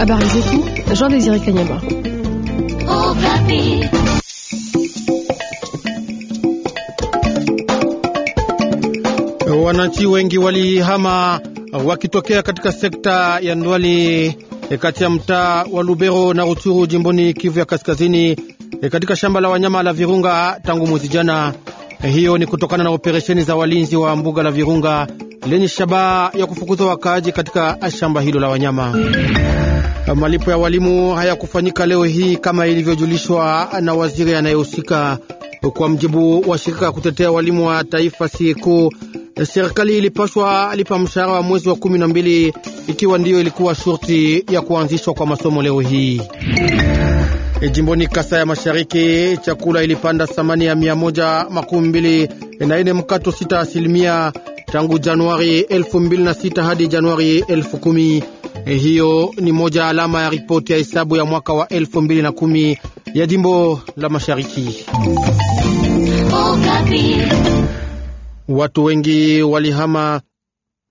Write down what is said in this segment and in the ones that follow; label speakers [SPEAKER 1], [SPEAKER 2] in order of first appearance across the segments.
[SPEAKER 1] Habari ah zetu Jean Désiré Kanyama.
[SPEAKER 2] Wananchi wengi walihama uh, wakitokea katika sekta ya Ndwali eh, kati ya mtaa wa Lubero na Ruchuru jimboni Kivu ya Kaskazini eh, katika shamba la wanyama la Virunga tangu mwezi jana. Eh, hiyo ni kutokana na operesheni za walinzi wa mbuga la Virunga lenye shabaha ya kufukuza wakaaji katika shamba hilo la wanyama. Malipo ya walimu hayakufanyika leo hii kama ilivyojulishwa na waziri anayehusika. Kwa mjibu wa shirika ya kutetea walimu wa taifa sieko, serikali ilipashwa alipa mshahara wa mwezi wa kumi na mbili ikiwa ndiyo ilikuwa shurti ya kuanzishwa kwa masomo leo hii. E, jimboni Kasa ya Mashariki, chakula ilipanda thamani ya mia moja makumi mbili na ine mkato sita asilimia tangu Januari 2006 hadi Januari 2010. Eh, hiyo ni moja alama ya ripoti ya hesabu ya mwaka wa 2010 ya jimbo la Mashariki. Watu wengi walihama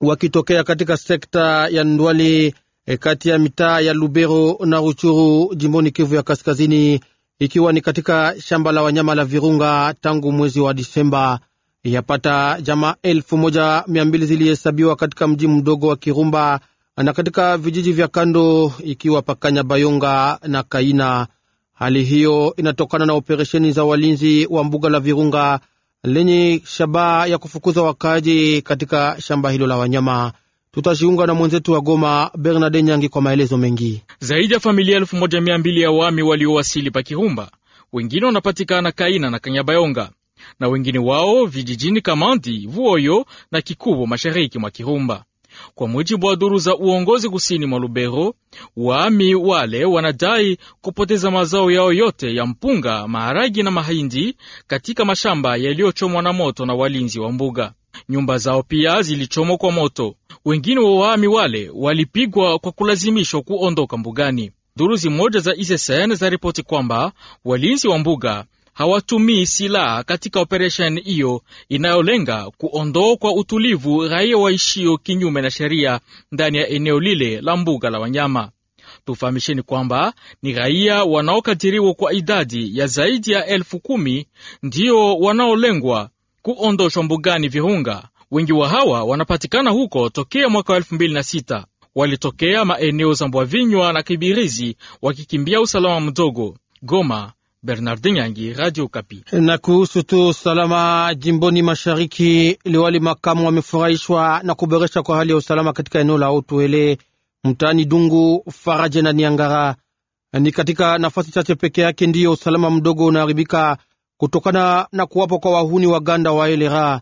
[SPEAKER 2] wakitokea katika sekta ya Ndwali eh, kati ya mitaa ya Lubero na Ruchuru jimboni Kivu ya Kaskazini, ikiwa ni katika shamba la wanyama la Virunga tangu mwezi wa Disemba yapata jamaa elfu moja mia mbili zilihesabiwa katika mji mdogo wa Kirumba na katika vijiji vya kando ikiwa Pakanya, Bayonga na Kaina. Hali hiyo inatokana na operesheni za walinzi wa mbuga la Virunga lenye shabaha ya kufukuza wakaaji katika shamba hilo la wanyama. Tutajiunga na mwenzetu wa Goma Bernard Nyangi kwa maelezo mengi
[SPEAKER 1] zaidi. Ya familia elfu moja mia mbili ya wami waliowasili Pakirumba, wengine wanapatikana Kaina na Kanyabayonga na wengine wao vijijini Kamandi, Vuoyo na Kikubo mashariki mwa Kirumba. Kwa mujibu wa duru za uongozi kusini mwa Lubero, waami wale wanadai kupoteza mazao yao yote ya mpunga, maharagi na mahindi katika mashamba yaliyochomwa na moto na walinzi wa mbuga. Nyumba zao pia zilichomwa kwa moto. Wengine wa waami wale walipigwa kwa kulazimishwa kuondoka mbugani. Duru zimoja za ISSN zaripoti kwamba walinzi wa mbuga hawatumii silaha katika operesheni hiyo inayolenga kuondoa kwa utulivu raia waishio kinyume na sheria ndani ya eneo lile la mbuga la wanyama. Tufahamisheni kwamba ni raia wanaokadiriwa kwa idadi ya zaidi ya elfu kumi ndio wanaolengwa kuondoshwa mbugani Virunga. Wengi wa hawa wanapatikana huko tokea mwaka wa elfu mbili na sita. Walitokea maeneo za Mbwavinywa na Kibirizi wakikimbia usalama mdogo. Goma, Bernardin Yangi, Radio Kapi. Na kuhusu tu usalama jimboni mashariki, liwali
[SPEAKER 2] makamu wamefurahishwa na kuboresha kwa hali ya usalama katika eneo la Utuele, mtaani Dungu, Faraje na Niangara. Ni katika nafasi chache peke yake ndiyo usalama mdogo unaharibika kutokana na kuwapo kwa wahuni waganda wa Elera.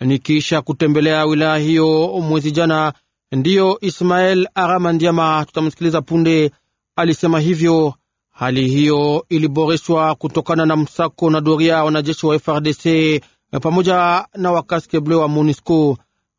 [SPEAKER 2] Nikiisha kutembelea wilaya hiyo mwezi jana, ndiyo Ismael Aramandiama, tutamsikiliza punde, alisema hivyo Hali hiyo iliboreshwa kutokana na msako na doria wanajeshi wa FRDC eh, pamoja na wakaske bleu wa MONUSCO.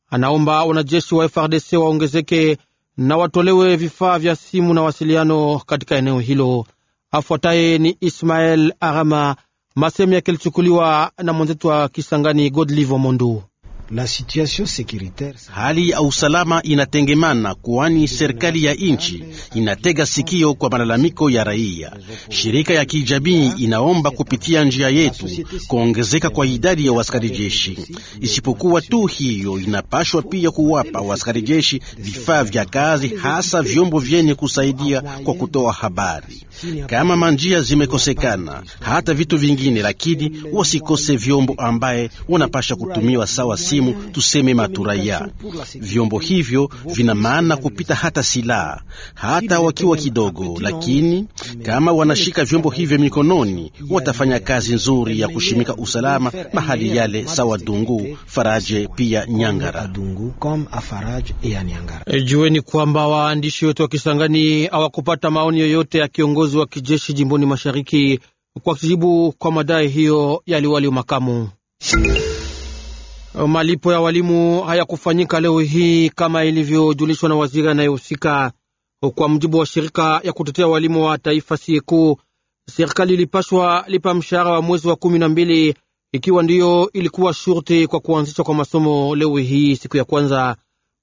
[SPEAKER 2] Anaomba wanajeshi wa FRDC waongezeke na watolewe vifaa vya simu na wasiliano katika eneo hilo. Afuataye ni Ismael Arama, masemi yake yalichukuliwa na mwenzetu wa Kisangani Godlivo Mondu. La situation securitaire. Hali ya usalama inatengemana, kwani serikali ya nchi inatega sikio kwa malalamiko ya raia. Shirika ya kijamii inaomba kupitia njia yetu kuongezeka kwa idadi ya waskari jeshi. Isipokuwa tu hiyo, inapashwa pia kuwapa waskari jeshi vifaa vya kazi, hasa vyombo vyenye kusaidia kwa kutoa habari. Kama manjia zimekosekana, hata vitu vingine, lakini wasikose vyombo ambaye wanapasha kutumiwa sawa si simu tuseme maturaia. Vyombo hivyo vina maana kupita hata silaha, hata wakiwa kidogo, lakini kama wanashika vyombo hivyo mikononi, watafanya kazi nzuri ya kushimika usalama mahali yale, sawa Dungu, Faraje pia Nyangara. E, jueni kwamba waandishi wetu wa Kisangani hawakupata maoni yoyote ya kiongozi wa kijeshi jimboni mashariki kwa kijibu kwa madai hiyo yaliwali makamu Eh, malipo ya walimu hayakufanyika leo hii kama ilivyojulishwa na waziri anayehusika. Kwa mjibu wa shirika ya kutetea walimu wa taifa sieku serikali ilipashwa lipa mshahara wa mwezi wa kumi na mbili ikiwa ndiyo ilikuwa shurti kwa kuanzishwa kwa masomo leo hii siku ya kwanza.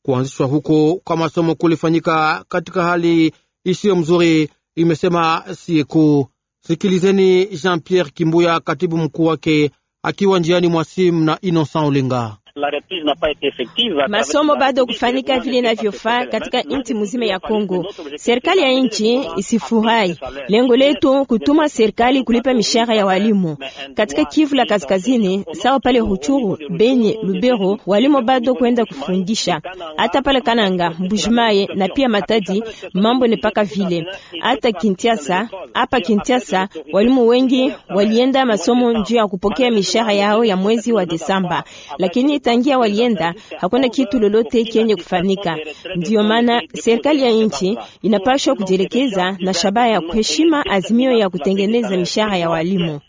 [SPEAKER 2] Kuanzishwa huko kwa masomo kulifanyika katika hali isiyo mzuri, imesema sieku Sikilizeni Jean Pierre Kimbuya, katibu mkuu wake akiwa njiani mwa simu na Innocent Olenga
[SPEAKER 3] la reprise n'a pas été effective. Masomo bado kufanika vile inavyofaa katika nchi mzima ya Kongo. Serikali ya nchi isifurahi. Lengo letu kutuma serikali kulipa mishahara ya walimu katika Kivu la Kaskazini, sawa pale Ruchuru, Beni, Lubero, walimu bado kwenda kufundisha hata pale Kananga, Mbujimaye na pia Matadi, mambo ni paka vile hata Kintiasa. Hapa Kintiasa walimu wengi walienda masomo njia ya kupokea mishahara yao ya mwezi wa Desemba, lakini tangia walienda hakuna kitu lolote kenye kufanyika. Ndiyo maana serikali ya nchi inapashwa kujielekeza na shabaha ya kuheshima azimio ya kutengeneza mishahara ya walimu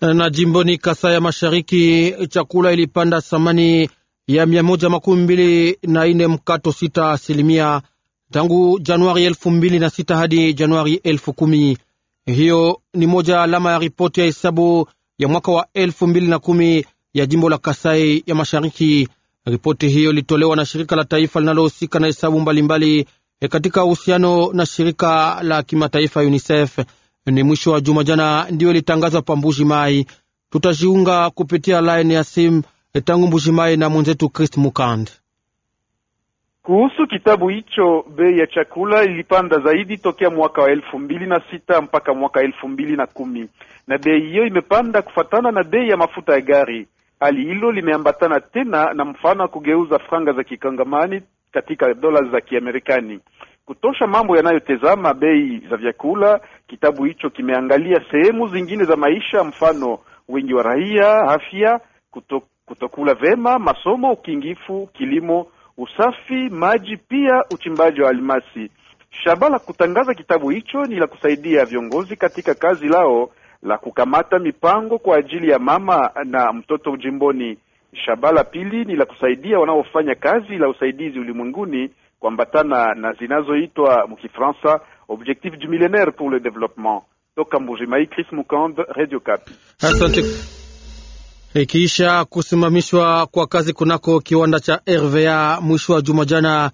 [SPEAKER 2] na jimboni Kasai ya Mashariki, chakula ilipanda thamani ya mia moja makumi mbili na ine mkato sita asilimia tangu Januari elfu mbili na sita hadi Januari elfu kumi. Hiyo ni moja alama ya ripoti ya hesabu ya mwaka wa elfu mbili na kumi ya jimbo la Kasai ya Mashariki. Ripoti hiyo ilitolewa na shirika la taifa linalohusika na hesabu mbalimbali eh, katika uhusiano na shirika la kimataifa UNICEF. Ni mwisho wa juma jana ndiyo ilitangazwa pa Mbuji Mai. Tutajiunga kupitia line ya simu eh, tangu Mbuji Mai na mwenzetu Chris Mukand.
[SPEAKER 1] Kuhusu kitabu hicho, bei ya chakula ilipanda zaidi tokea mwaka wa elfu mbili na sita mpaka mwaka elfu mbili na kumi na bei hiyo imepanda kufatana na bei ya mafuta ya gari. Hali hilo limeambatana tena na mfano wa kugeuza franga za kikangamani katika dola za Kiamerikani kutosha mambo yanayotezama bei za vyakula. Kitabu hicho kimeangalia sehemu zingine za maisha, mfano wingi wa raia, afya, kuto, kutokula vema, masomo, ukingifu, kilimo, usafi, maji, pia uchimbaji wa almasi. Shabaha la kutangaza kitabu hicho ni la kusaidia viongozi katika kazi lao la kukamata mipango kwa ajili ya mama na mtoto jimboni. Shaba la pili ni la kusaidia wanaofanya kazi la usaidizi ulimwenguni kuambatana na zinazoitwa mkifransa objectif du Millenaire pour le développement. Toka Mbujimai, Chris Mukand, Radio Kapi.
[SPEAKER 2] Ikiisha kusimamishwa kwa kazi kunako kiwanda cha RVA mwisho wa juma jana,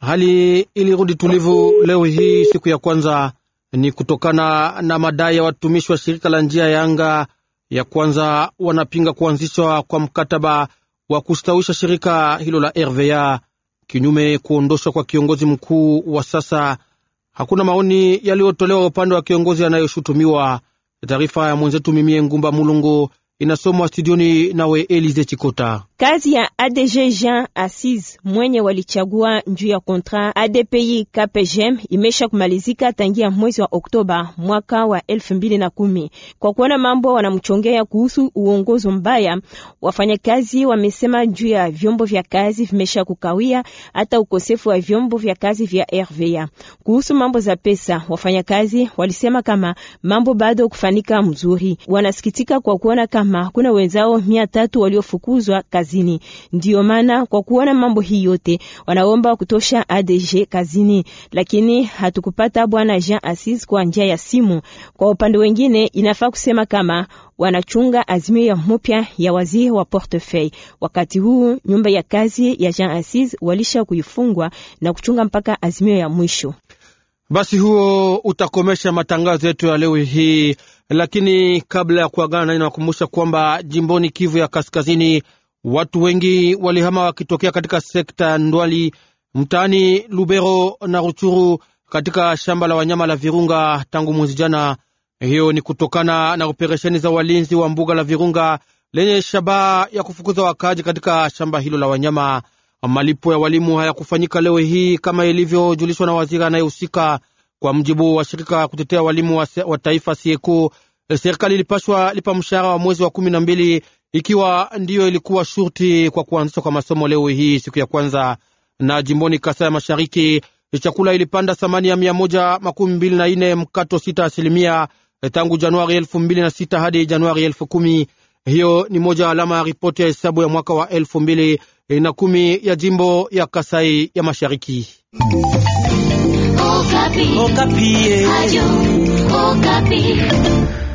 [SPEAKER 2] hali ilirudi tulivu leo hii siku ya kwanza ni kutokana na madai ya watumishi wa shirika la njia ya anga. Ya kwanza wanapinga kuanzishwa kwa mkataba wa kustawisha shirika hilo la RVA kinyume kuondoshwa kwa kiongozi mkuu wa sasa. Hakuna maoni yaliyotolewa upande wa kiongozi anayoshutumiwa. Taarifa ya mwenzetu Mimie Ngumba Mulungu inasomwa studioni nawe Elize Chikota.
[SPEAKER 3] Kazi ya ADG Jean Assis mwenye walichagua njuu ya kontra ADPI KPGM imesha kumalizika tangia mwezi wa Oktoba mwaka wa elfu mbili na kumi. Kwa kuona mambo wanamchongea kuhusu uongozi mbaya, wafanyakazi wamesema juu ya vyombo vya kazi vimesha kukawia, hata ukosefu wa vyombo vya kazi vya RVA. Kuhusu mambo za pesa, wafanyakazi walisema kama mambo bado kufanika mzuri. Wanasikitika kwa kuona kama kuna wenzao mia tatu waliofukuzwa kazi kazini. Ndio maana kwa kuona mambo hii yote wanaomba kutosha ADG kazini, lakini hatukupata bwana Jean Assis kwa njia ya simu. Kwa upande wengine, inafaa kusema kama wanachunga azimio ya mpya ya waziri wa portefeuille. Wakati huu nyumba ya kazi ya Jean Assis walisha kuifungwa na kuchunga mpaka azimio ya mwisho.
[SPEAKER 2] Basi huo utakomesha matangazo yetu ya leo hii, lakini kabla ya kuagana, nani nawakumbusha kwamba jimboni Kivu ya Kaskazini Watu wengi walihama wakitokea katika sekta Ndwali mtaani Lubero na Ruchuru katika shamba la wanyama la Virunga tangu mwezi jana. Hiyo ni kutokana na operesheni za walinzi wa mbuga la Virunga lenye shabaha ya kufukuza wakaaji katika shamba hilo la wanyama. Malipo ya walimu hayakufanyika leo hii kama ilivyojulishwa na waziri anayehusika. Kwa mjibu wa shirika kutetea walimu wa, wa taifa sieku, serikali ilipashwa lipa mshahara wa mwezi wa kumi na mbili ikiwa ndiyo ilikuwa shurti kwa kuanzishwa kwa masomo leo hii siku ya kwanza. Na jimboni kasai ya Mashariki, chakula ilipanda thamani ya mia moja makumi mbili na nne mkato sita asilimia eh, tangu Januari elfu mbili na sita hadi Januari elfu kumi. Hiyo ni moja alama ya ripoti ya hesabu ya mwaka wa elfu mbili eh, na kumi ya jimbo ya Kasai ya Mashariki.
[SPEAKER 1] Okapi. Okapi. Eh. Okapi.